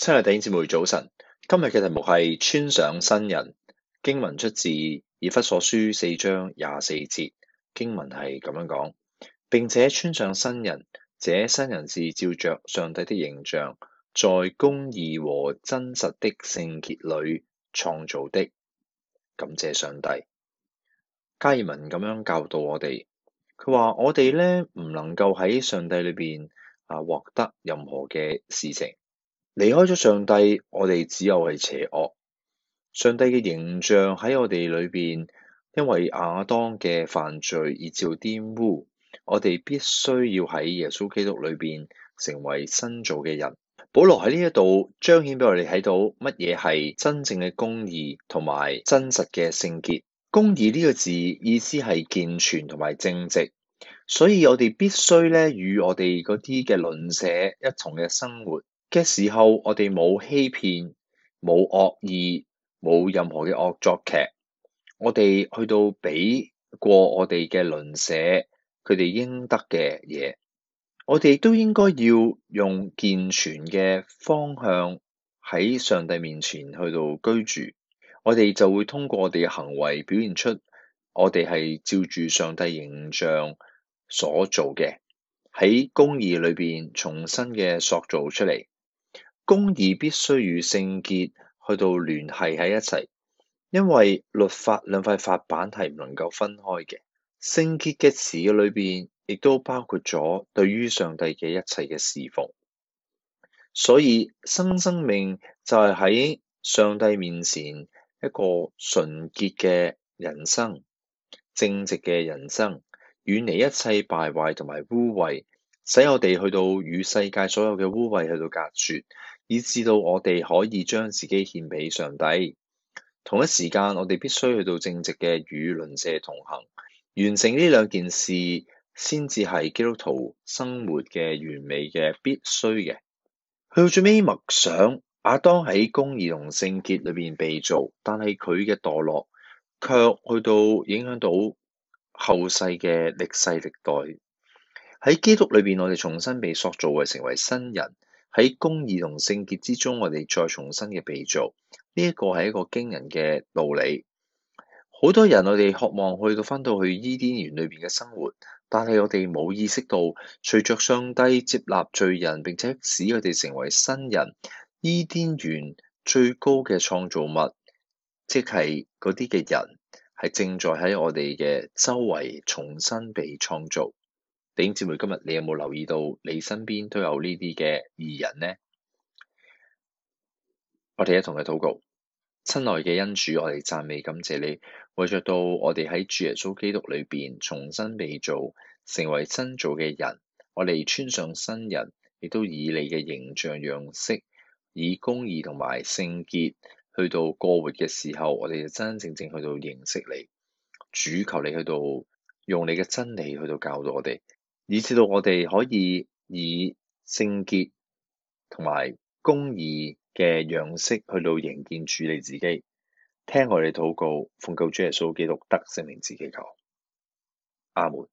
親愛弟兄姊妹，早晨。今日嘅題目係穿上新人，經文出自以弗所書四章廿四節。經文係咁樣講，並且穿上新人，這新人是照着上帝的形象，在公義和真實的聖潔裏創造的。感謝上帝，加爾文咁樣教導我哋。佢話我哋咧唔能夠喺上帝裏邊啊獲得任何嘅事情。離開咗上帝，我哋只有係邪惡。上帝嘅形象喺我哋裏邊，因為亞當嘅犯罪而照玷污。我哋必須要喺耶穌基督裏邊成為新造嘅人。保羅喺呢一度彰顯俾我哋睇到乜嘢係真正嘅公義同埋真實嘅聖潔。公義呢個字意思係健全同埋正直，所以我哋必須呢與我哋嗰啲嘅鄰舍一同嘅生活，嘅時候，我哋冇欺騙，冇惡意，冇任何嘅惡作劇。我哋去到俾過我哋嘅鄰舍，佢哋應得嘅嘢，我哋亦都應該要用健全嘅方向喺上帝面前去到居住。我哋就會通過我哋嘅行為表現出我哋係照住上帝形象所做嘅，喺公義裏邊重新嘅塑造出嚟。公義必須與聖潔去到聯繫喺一齊，因為律法兩塊法板係唔能夠分開嘅。聖潔嘅詞裏邊，亦都包括咗對於上帝嘅一切嘅侍奉。所以新生，生命就係喺上帝面前一個純潔嘅人生，正直嘅人生，遠離一切敗壞同埋污穢。使我哋去到與世界所有嘅污穢去到隔絕，以至到我哋可以將自己獻俾上帝。同一時間，我哋必須去到正直嘅與鄰舍同行，完成呢兩件事先至係基督徒生活嘅完美嘅必須嘅。去到最尾默想，亞當喺公義同聖潔裏邊被造，但係佢嘅墮落卻去到影響到後世嘅歷世歷代。喺基督裏邊，我哋重新被塑造為成為新人。喺公義同聖潔之中，我哋再重新嘅被造，呢一個係一個驚人嘅道理。好多人我哋渴望去到翻到去伊甸園裏邊嘅生活，但係我哋冇意識到，隨着上帝接納罪人，並且使佢哋成為新人，伊甸園最高嘅創造物，即係嗰啲嘅人，係正在喺我哋嘅周圍重新被創造。弟兄姊妹，今日你有冇留意到你身邊都有呢啲嘅義人呢？我哋一同去禱告。親愛嘅恩主，我哋讚美感謝你，為著到我哋喺主耶穌基督裏邊重新被造，成為新造嘅人，我哋穿上新人，亦都以你嘅形象樣式，以公義同埋聖潔去到過活嘅時候，我哋就真真正正去到認識你。主求你去到用你嘅真理去到教導我哋，以至到我哋可以以聖潔同埋公義嘅樣式去到營建處理自己，聽我哋禱告，奉救主耶穌基督得聖名自己求。阿門。